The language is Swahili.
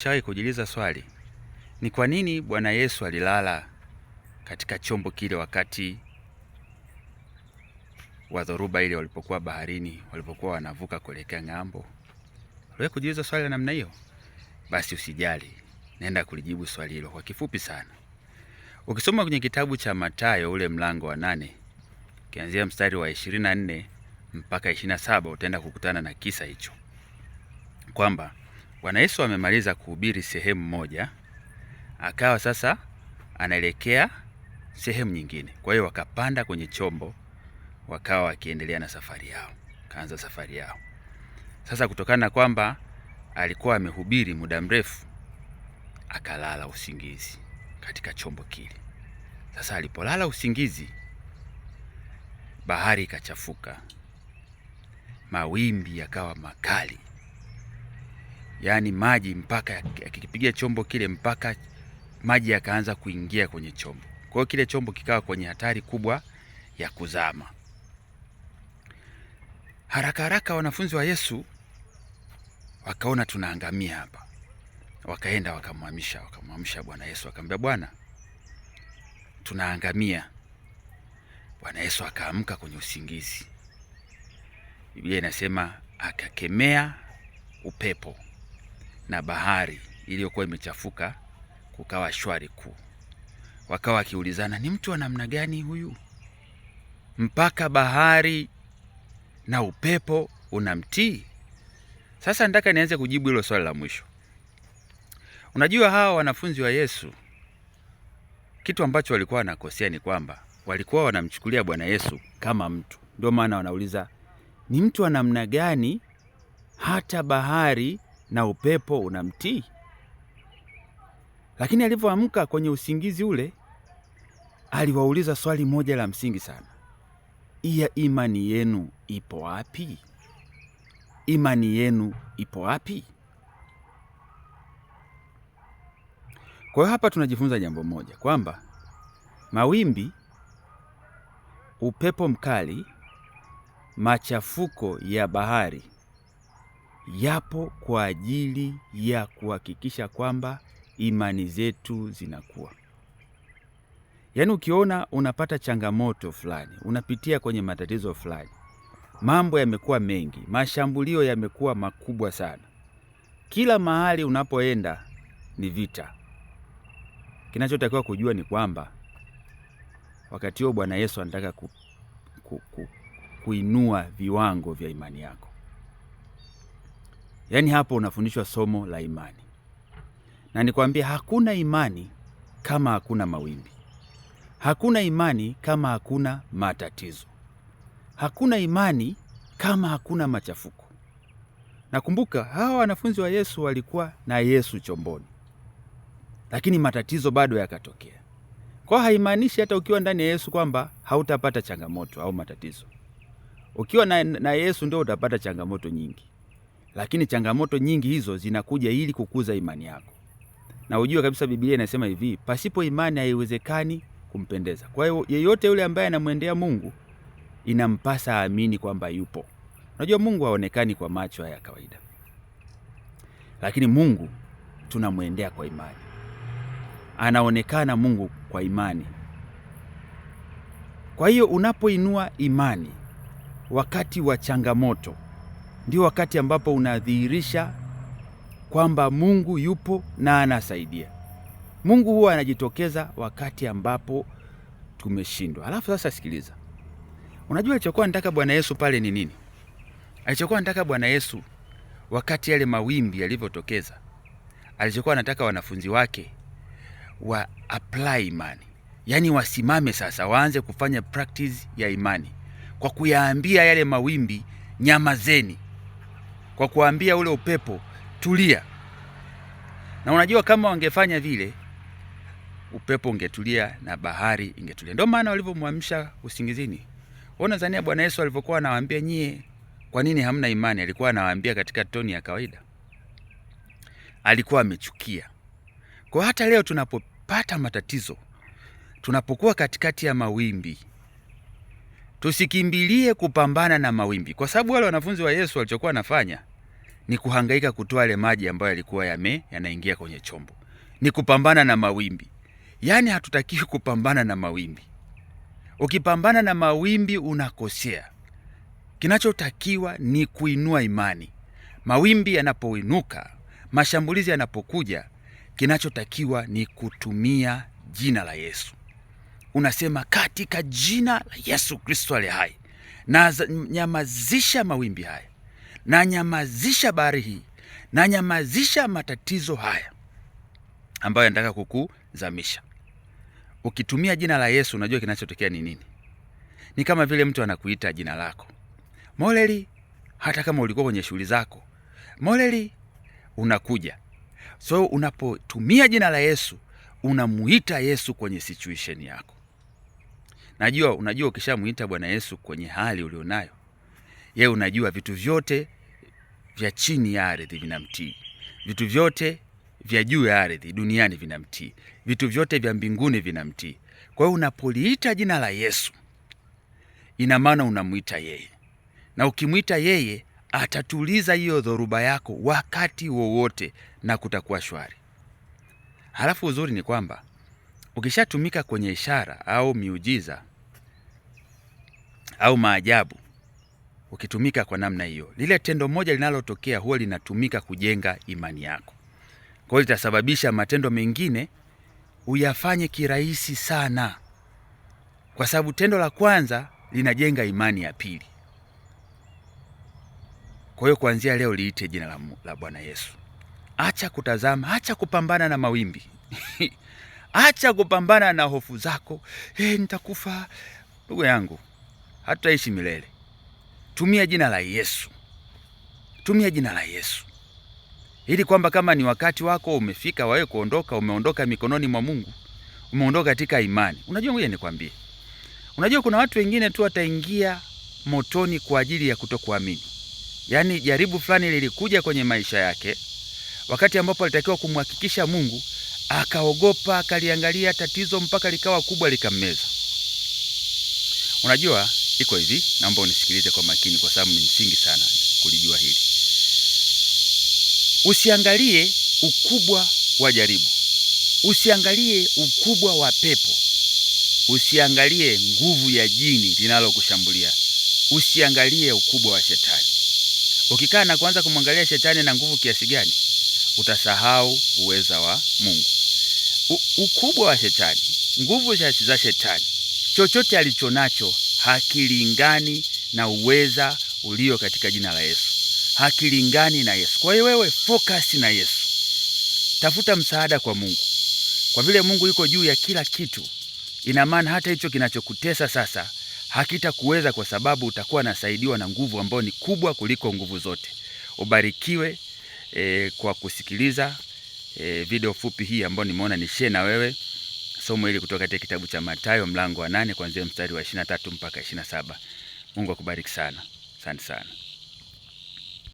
Chai kujiuliza swali, ni kwa nini Bwana Yesu alilala katika chombo kile wakati wa dhoruba ile walipokuwa baharini, walipokuwa wanavuka kuelekea ng'ambo? Wewe kujiuliza swali la namna hiyo? Basi usijali, naenda kulijibu swali hilo kwa kifupi sana. Ukisoma kwenye kitabu cha Mathayo ule mlango wa nane ukianzia mstari wa 24 mpaka 27 utaenda kukutana na kisa hicho kwamba Bwana Yesu amemaliza kuhubiri sehemu moja, akawa sasa anaelekea sehemu nyingine. Kwa hiyo wakapanda kwenye chombo, wakawa wakiendelea na safari yao, kaanza safari yao. Sasa kutokana na kwamba alikuwa amehubiri muda mrefu, akalala usingizi katika chombo kile. Sasa alipolala usingizi, bahari ikachafuka, mawimbi yakawa makali yaani maji mpaka akikipigia chombo kile mpaka maji yakaanza kuingia kwenye chombo. Kwa hiyo kile chombo kikawa kwenye hatari kubwa ya kuzama. Haraka haraka wanafunzi wa Yesu wakaona tunaangamia hapa, wakaenda wakamwamisha, wakamwamsha Bwana Yesu, akamwambia Bwana, tunaangamia. Bwana Yesu akaamka kwenye usingizi. Biblia inasema akakemea upepo na bahari iliyokuwa imechafuka kukawa shwari kuu. Wakawa wakiulizana ni mtu wa namna gani huyu, mpaka bahari na upepo unamtii. Sasa nataka nianze kujibu hilo swali la mwisho. Unajua, hawa wanafunzi wa Yesu kitu ambacho walikuwa wanakosea ni kwamba walikuwa wanamchukulia Bwana Yesu kama mtu. Ndio maana wanauliza ni mtu wa namna gani hata bahari na upepo unamtii. Lakini alivyoamka kwenye usingizi ule, aliwauliza swali moja la msingi sana, iya imani yenu ipo wapi? Imani yenu ipo wapi? Kwa hiyo hapa tunajifunza jambo moja kwamba mawimbi, upepo mkali, machafuko ya bahari yapo kwa ajili ya kuhakikisha kwamba imani zetu zinakuwa. Yaani, ukiona unapata changamoto fulani, unapitia kwenye matatizo fulani, mambo yamekuwa mengi, mashambulio yamekuwa makubwa sana, kila mahali unapoenda ni vita. Kinachotakiwa kujua ni kwamba wakati huo Bwana Yesu anataka ku, ku, ku, kuinua viwango vya imani yako. Yaani hapo unafundishwa somo la imani, na nikwambia, hakuna imani kama hakuna mawimbi, hakuna imani kama hakuna matatizo, hakuna imani kama hakuna machafuko. Nakumbuka hawa wanafunzi wa Yesu walikuwa na Yesu chomboni, lakini matatizo bado yakatokea. Kwa haimaanishi hata ukiwa ndani ya Yesu kwamba hautapata changamoto au matatizo. Ukiwa na, na Yesu ndio utapata changamoto nyingi lakini changamoto nyingi hizo zinakuja ili kukuza imani yako, na ujue kabisa Biblia inasema hivi, pasipo imani haiwezekani kumpendeza. Kwa hiyo yeyote yule ambaye anamwendea Mungu inampasa aamini kwamba yupo. Unajua Mungu haonekani kwa macho haya ya kawaida, lakini Mungu tunamwendea kwa imani, anaonekana Mungu kwa imani. Kwa hiyo unapoinua imani wakati wa changamoto ndio wakati ambapo unadhihirisha kwamba Mungu yupo na anasaidia. Mungu huwa anajitokeza wakati ambapo tumeshindwa. Alafu sasa sikiliza, unajua alichokuwa anataka Bwana Yesu pale ni nini? Alichokuwa anataka Bwana Yesu wakati yale mawimbi yalivyotokeza, alichokuwa anataka wanafunzi wake wa apply imani, yaani wasimame sasa, waanze kufanya practice ya imani kwa kuyaambia yale mawimbi, nyamazeni kwa kuambia ule upepo tulia. Na unajua kama wangefanya vile upepo ungetulia na bahari ingetulia. Ndio maana walivyomwamsha usingizini. Unadhania Bwana Yesu alivyokuwa anawaambia nyie, kwa nini hamna imani? Alikuwa anawaambia katika toni ya kawaida, alikuwa amechukia. Kwa hata leo tunapopata matatizo, tunapokuwa katikati ya mawimbi, tusikimbilie kupambana na mawimbi, kwa sababu wale wanafunzi wa Yesu walichokuwa nafanya ni kuhangaika kutoa yale maji ambayo yalikuwa yame yanaingia kwenye chombo, ni kupambana na mawimbi. Yaani hatutakiwi kupambana na mawimbi. Ukipambana na mawimbi unakosea. Kinachotakiwa ni kuinua imani. Mawimbi yanapoinuka, mashambulizi yanapokuja, kinachotakiwa ni kutumia jina la Yesu. Unasema, katika jina la Yesu Kristo aliye hai, nanyamazisha mawimbi haya nanyamazisha bahari hii, nanyamazisha matatizo haya ambayo yanataka kukuzamisha. Ukitumia jina la Yesu unajua kinachotokea ni nini? Ni kama vile mtu anakuita jina lako Moleli, hata kama ulikuwa kwenye shughuli zako Moleli, unakuja. So unapotumia jina la Yesu unamuita Yesu kwenye situation yako. Najua unajua ukishamuita Bwana Yesu kwenye hali ulionayo yeye unajua vitu vyote vya chini ya ardhi vinamtii, vitu vyote vya juu ya ardhi duniani vinamtii, vitu vyote vya mbinguni vinamtii. Kwa hiyo unapoliita jina la Yesu, ina maana unamwita yeye, na ukimwita yeye atatuliza hiyo dhoruba yako wakati wowote na kutakuwa shwari. Halafu uzuri ni kwamba ukishatumika kwenye ishara au miujiza au maajabu ukitumika kwa namna hiyo, lile tendo moja linalotokea huwa linatumika kujenga imani yako. Kwa hiyo litasababisha matendo mengine uyafanye kirahisi sana, kwa sababu tendo la kwanza linajenga imani ya pili. Kwa hiyo kuanzia leo liite jina la, la Bwana Yesu. Acha kutazama, acha kupambana na mawimbi acha kupambana na hofu zako. Hey, nitakufa. Ndugu yangu, hatutaishi milele tumia jina la Yesu, tumia jina la Yesu ili kwamba kama ni wakati wako umefika wawe kuondoka, umeondoka mikononi mwa Mungu, umeondoka katika imani. Unajua, ngoja nikwambie, unajua kuna watu wengine tu wataingia motoni kwa ajili ya kutokuamini. Yaani jaribu fulani lilikuja kwenye maisha yake wakati ambapo alitakiwa kumhakikisha Mungu, akaogopa, akaliangalia tatizo mpaka likawa kubwa, likammeza. Unajua iko hivi, naomba unisikilize kwa makini, kwa sababu ni msingi sana kulijua hili. Usiangalie ukubwa wa jaribu, usiangalie ukubwa wa pepo, usiangalie nguvu ya jini linalokushambulia, usiangalie ukubwa wa shetani. Ukikaa na kuanza kumwangalia shetani na nguvu kiasi gani, utasahau uweza wa Mungu. U, ukubwa wa shetani, nguvu za shetani, chochote alicho nacho hakilingani na uweza ulio katika jina la Yesu, hakilingani na Yesu. Kwa hiyo wewe focus na Yesu, tafuta msaada kwa Mungu, kwa vile Mungu yuko juu ya kila kitu. Ina maana hata hicho kinachokutesa sasa hakitakuweza, kwa sababu utakuwa nasaidiwa na nguvu ambayo ni kubwa kuliko nguvu zote. Ubarikiwe eh, kwa kusikiliza eh, video fupi hii ambayo nimeona ni share na wewe somo hili kutoka katika kitabu cha Mathayo mlango wa nane kuanzia mstari wa 23 mpaka 27. Mungu akubariki sana. Asante sana.